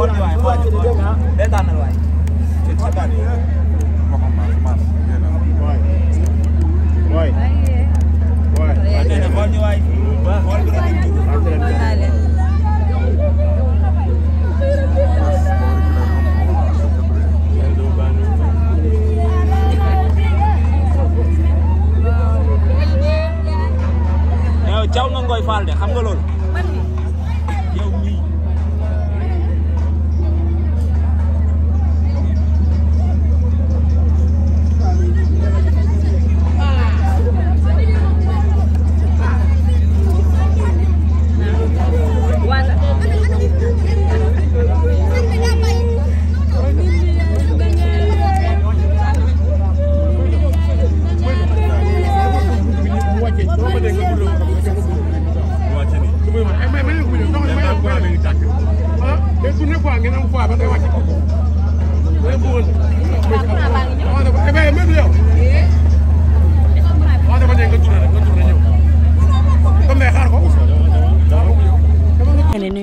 xool di waay xool di waay day tànnal waay. waay. xool di waay. yow caw nga ngoy faal de xam nga loolu. ngeen am nekk eh, nga tourné naa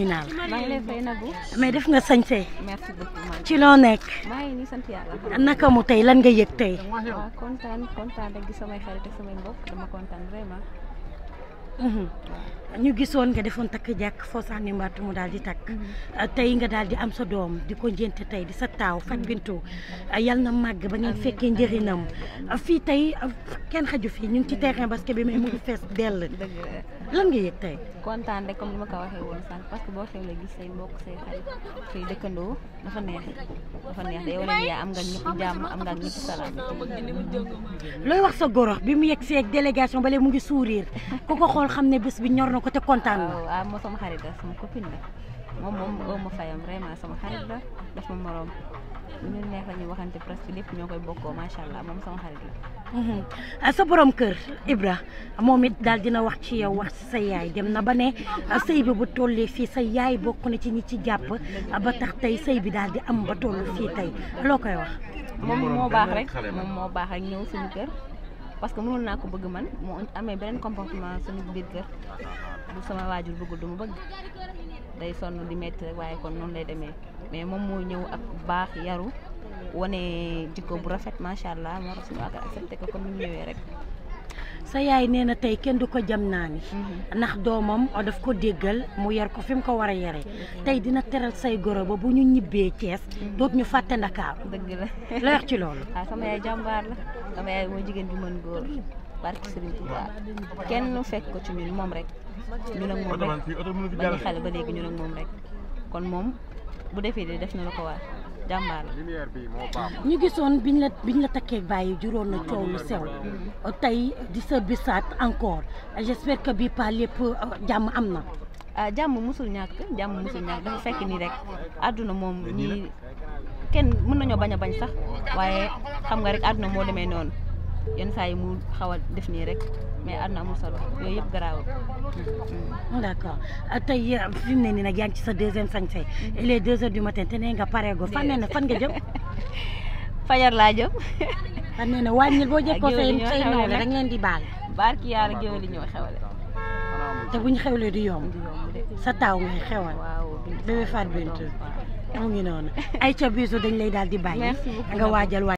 la. maa ngi lay fay nagu. mais def nga sañse. merci beaucoup ci loo nekk. maa ngi sant naka mu tey lan nga yëg tey. waaw kontaan kontaan rek di samay xarit ak kontaan vraiment. ñu gisoon nga defoon takk jàkk foo sànni mbatt mu daal di takk mhm. tey nga daal di am sa doom di ko njënte tey di sa taaw fat mhm. bintu yal na màgg ba ngeen fekkee njëriñam fii tey kenn xaju fii ñu ngi ci mhm. terrain basket bi mais mu ngi fees dell lan nga yëg tey kontaan rek comme ni ma ko waxee woon sànq parce que boo xewlee gis say mbokk say xarit say dëkkandoo dafa neex dafa neex da yow la am nga ñëpp jàmm am nga ñëpp wax sa goro bi mu yegg see délégation ba léegi mu ngi sourire ku ko xool nga xam ne bés bi ñor na ko te kontaan na. waaw sama xarit la sama copine moom moom ma fayam vraiment sama xarit la daf ma moroom lu ñu neex la ñu ñoo koy bokkoo macha allah moom sama xarit la. Mm-hmm. sa boroom kër Ibra moom it daal dina wax ci yow wax ci sa yaay dem na ba ne sëy bi bu tollee fii sa yaay bokk na ci ñi ci jàpp ba tax tey sëy bi daal di am ba toll fii tey loo koy wax. moom moo baax rek moom moo baax rek ñëw suñu kër. parce que mënul naa ko bëgg man moo amee beneen comportement suñu biir kër bu sama waajur bëggul du mu bëgg day sonn di métti waaye kon noonu lay demee mais moom moo ñëw ak baax yaru wane jikko bu rafet macha allah moo tax suñu waa kër sa yaay nee na tey kenn du ko jam naa ni mm-hmm. ndax doomam daf ko déggal mu yar ko fi mu ko war a yare mm-hmm. tey dina teral say goro ba bu ñu ñibbee Cees mm-hmm. doot ñu fàtte Ndakaaru dëgg la leer ci loolu waaw ah, sama yaay jàmbaar sama yaay mooy jigéen ju mën góor barke Serigne Touba kenn fekk ko ci ñun moom rek ñun ak moom rek ba ñu xale ba léegi ñun ak moom rek kon moom bu defee de def na la ko war jàmbaar la ñu gisoon biñ la biñ la takkee bàyyi juróon na coow lu sew tey di sa bisaat encore j'espère que bii pas lépp jàmm am na ah jàmm musul ñàkk jàmm musul ñàkk dafa fekk nii rek àdduna moom ñii kenn mun nañoo bañ a bañ sax waaye xam nga rek àdduna moo demee noonu yenn saa yi mu xaw def nii rek mais àdduna amul solo yooyu yëpp garaawul. Mm-hmm. d'accord ah, tey ah, fi mu ne nii nag yaa ngi ci sa deuxième sañse mm-hmm. il est deux heures du matin te nee nga pareegoo fan nee na fan nga jëm. fajar laa jëm. fan nee na wàññil boo jëkkoo say say noonu rek leen di baal. barki yàlla géwél yi ñoo xewale. te bu ñu xewlee du yomb. sa taaw ngay xewal. mu ngi noonu ay ca bisu dañ lay daal di bàyyi. merci nga waajal waajal